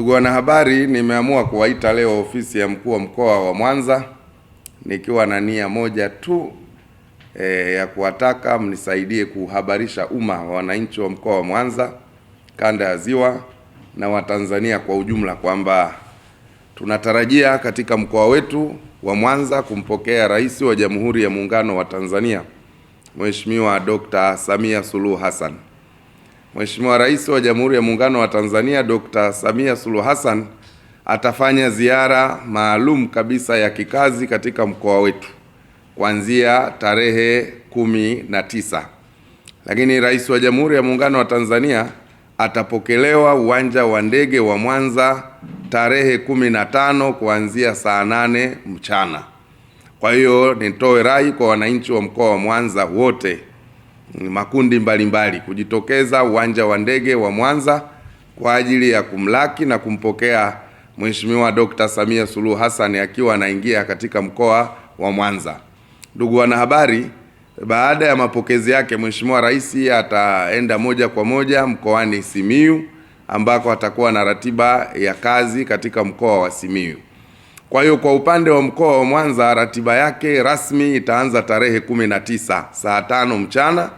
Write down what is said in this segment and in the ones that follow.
Ndugu wanahabari, nimeamua kuwaita leo ofisi ya mkuu wa mkoa wa Mwanza nikiwa na nia moja tu e, ya kuwataka mnisaidie kuhabarisha umma wa wananchi wa mkoa wa Mwanza, kanda ya Ziwa na Watanzania kwa ujumla kwamba tunatarajia katika mkoa wetu wa Mwanza kumpokea Rais wa Jamhuri ya Muungano wa Tanzania Mheshimiwa Dr. Samia Suluhu Hassan. Mheshimiwa Rais wa Jamhuri ya Muungano wa Tanzania Dr. Samia Suluhu Hassan atafanya ziara maalum kabisa ya kikazi katika mkoa wetu kuanzia tarehe kumi na tisa, lakini Rais wa Jamhuri ya Muungano wa Tanzania atapokelewa uwanja wa ndege wa Mwanza tarehe kumi na tano kuanzia saa nane mchana. Kwa hiyo nitoe rai kwa wananchi wa mkoa wa Mwanza wote makundi mbalimbali mbali, kujitokeza uwanja wa ndege wa Mwanza kwa ajili ya kumlaki na kumpokea Mheshimiwa Dr. Samia Suluhu Hassan akiwa anaingia katika mkoa wa Mwanza. Ndugu wanahabari, baada ya mapokezi yake Mheshimiwa Rais ataenda moja kwa moja mkoani Simiyu ambako atakuwa na ratiba ya kazi katika mkoa wa Simiyu. Kwa hiyo kwa upande wa mkoa wa Mwanza ratiba yake rasmi itaanza tarehe kumi na tisa saa tano mchana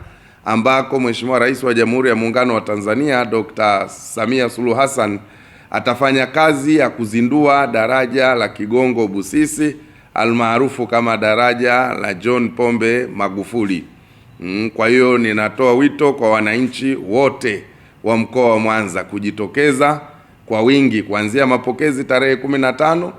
ambako Mheshimiwa Rais wa Jamhuri ya Muungano wa Tanzania Dr. Samia Suluhu Hassan atafanya kazi ya kuzindua daraja la Kigongo Busisi almaarufu kama daraja la John Pombe Magufuli. Mm, kwa hiyo ninatoa wito kwa wananchi wote wa mkoa wa Mwanza kujitokeza kwa wingi kuanzia mapokezi tarehe kumi na tano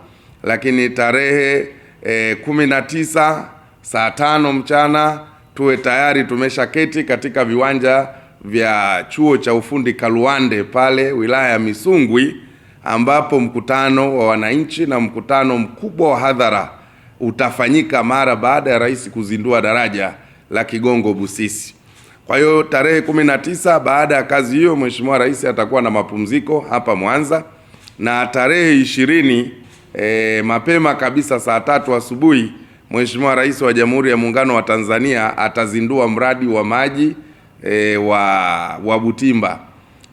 lakini tarehe eh, kumi na tisa saa tano mchana tuwe tayari tumesha keti katika viwanja vya chuo cha ufundi Kaluande pale wilaya ya Misungwi, ambapo mkutano wa wananchi na mkutano mkubwa wa hadhara utafanyika mara baada ya rais kuzindua daraja la Kigongo Busisi. Kwa hiyo tarehe 19 baada ya kazi hiyo, Mheshimiwa Rais atakuwa na mapumziko hapa Mwanza na tarehe ishirini e, mapema kabisa saa tatu asubuhi Mheshimiwa Rais wa Jamhuri ya Muungano wa Tanzania atazindua mradi wa maji e, wa, wa Butimba.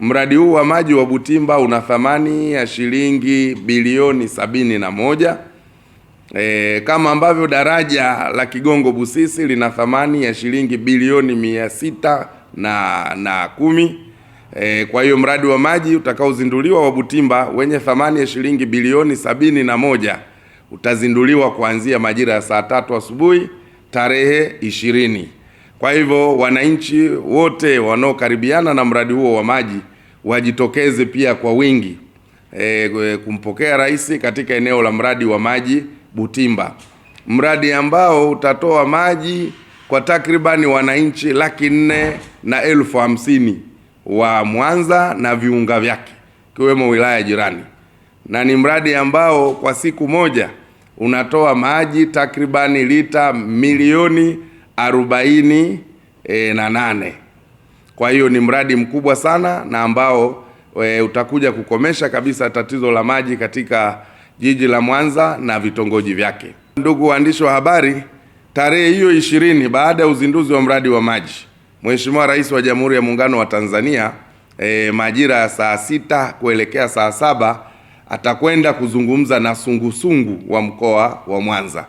Mradi huu wa maji wa Butimba una thamani ya shilingi bilioni sabini na moja e, kama ambavyo daraja la Kigongo Busisi lina thamani ya shilingi bilioni mia sita na, na kumi. E, kwa hiyo mradi wa maji utakaozinduliwa wa Butimba wenye thamani ya shilingi bilioni sabini na moja utazinduliwa kuanzia majira ya saa tatu asubuhi tarehe ishirini. Kwa hivyo wananchi wote wanaokaribiana na mradi huo wa maji wajitokeze pia kwa wingi e, kumpokea rais katika eneo la mradi wa maji Butimba, mradi ambao utatoa maji kwa takribani wananchi laki nne na elfu hamsini wa Mwanza na viunga vyake ikiwemo wilaya jirani, na ni mradi ambao kwa siku moja unatoa maji takribani lita milioni arobaini e, na nane. Kwa hiyo ni mradi mkubwa sana na ambao e, utakuja kukomesha kabisa tatizo la maji katika jiji la Mwanza na vitongoji vyake. Ndugu waandishi wa habari, tarehe hiyo ishirini baada ya uzinduzi wa mradi wa maji, Mheshimiwa Rais wa Jamhuri ya Muungano wa Tanzania e, majira ya saa sita kuelekea saa saba atakwenda kuzungumza na sungusungu sungu wa mkoa wa Mwanza.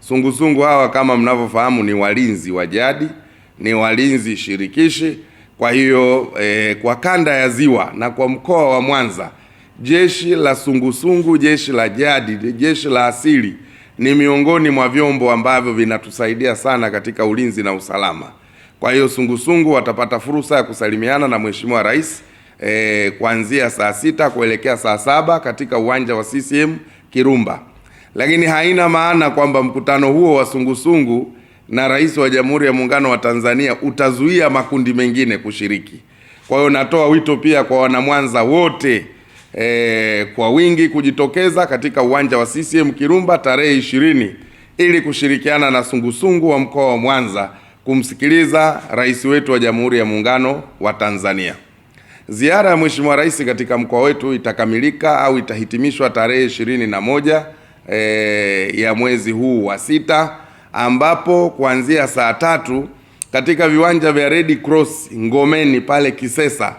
Sungusungu sungu hawa kama mnavyofahamu ni walinzi wa jadi, ni walinzi shirikishi. Kwa hiyo e, kwa kanda ya Ziwa na kwa mkoa wa Mwanza, jeshi la sungusungu sungu, jeshi la jadi, jeshi la asili ni miongoni mwa vyombo ambavyo vinatusaidia sana katika ulinzi na usalama. Kwa hiyo sungusungu watapata fursa ya kusalimiana na Mheshimiwa Rais e, kuanzia saa sita kuelekea saa saba katika uwanja wa CCM Kirumba, lakini haina maana kwamba mkutano huo wa sungusungu na rais wa Jamhuri ya Muungano wa Tanzania utazuia makundi mengine kushiriki. Kwa hiyo natoa wito pia kwa wanamwanza wote e, kwa wingi kujitokeza katika uwanja wa CCM Kirumba tarehe ishirini ili kushirikiana na sungusungu wa mkoa wa Mwanza kumsikiliza rais wetu wa Jamhuri ya Muungano wa Tanzania. Ziara ya Mheshimiwa Rais katika mkoa wetu itakamilika au itahitimishwa tarehe ishirini na moja e, ya mwezi huu wa sita ambapo kuanzia saa tatu katika viwanja vya Red Cross Ngomeni pale Kisesa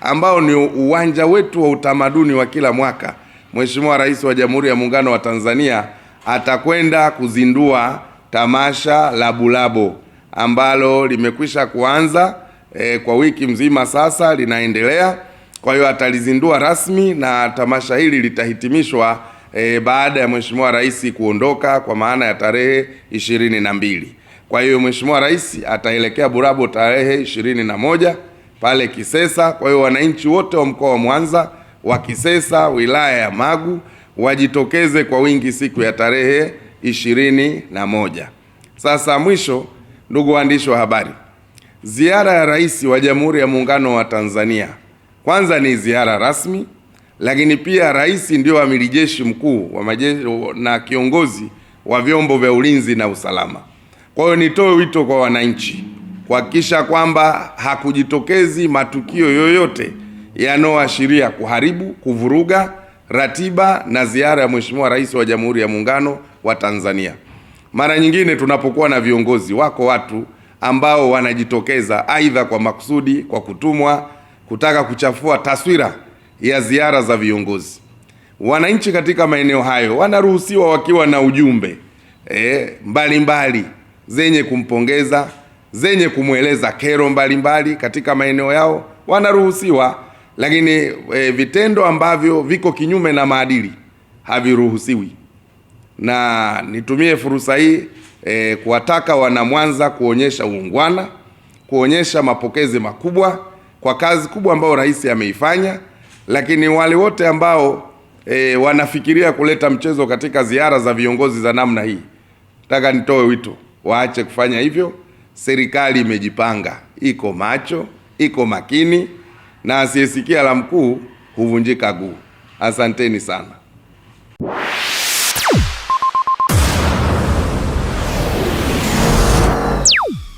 ambao ni uwanja wetu wa utamaduni wa kila mwaka, Mheshimiwa Rais wa Jamhuri ya Muungano wa Tanzania atakwenda kuzindua tamasha la Bulabo ambalo limekwisha kuanza e, kwa wiki mzima sasa linaendelea. Kwa hiyo atalizindua rasmi na tamasha hili litahitimishwa e, baada ya Mheshimiwa Rais kuondoka kwa maana ya tarehe ishirini na mbili. Kwa hiyo Mheshimiwa Rais ataelekea Burabo tarehe ishirini na moja pale Kisesa. Kwa hiyo wananchi wote wa mkoa wa Mwanza wa Kisesa, wilaya ya Magu wajitokeze kwa wingi siku ya tarehe ishirini na moja. Sasa mwisho, ndugu waandishi wa habari Ziara ya Rais wa Jamhuri ya Muungano wa Tanzania kwanza ni ziara rasmi, lakini pia rais ndio amiri jeshi mkuu wa majeshi na kiongozi wa vyombo vya ulinzi na usalama. Kwa hiyo nitoe wito kwa wananchi kuhakikisha kwamba hakujitokezi matukio yoyote yanayoashiria kuharibu, kuvuruga ratiba na ziara ya Mheshimiwa Rais wa Jamhuri ya Muungano wa Tanzania. Mara nyingine tunapokuwa na viongozi wako watu ambao wanajitokeza aidha kwa makusudi, kwa kutumwa, kutaka kuchafua taswira ya ziara za viongozi. Wananchi katika maeneo hayo wanaruhusiwa wakiwa na ujumbe e, mbalimbali zenye kumpongeza, zenye kumweleza kero mbalimbali mbali katika maeneo yao wanaruhusiwa, lakini e, vitendo ambavyo viko kinyume na maadili haviruhusiwi. Na nitumie fursa hii e, kuwataka wanamwanza kuonyesha uungwana, kuonyesha mapokezi makubwa kwa kazi kubwa ambayo rais ameifanya, lakini wale wote ambao e, wanafikiria kuleta mchezo katika ziara za viongozi za namna hii, nataka nitoe wito waache kufanya hivyo. Serikali imejipanga, iko macho, iko makini, na asiyesikia la mkuu huvunjika guu. Asanteni sana.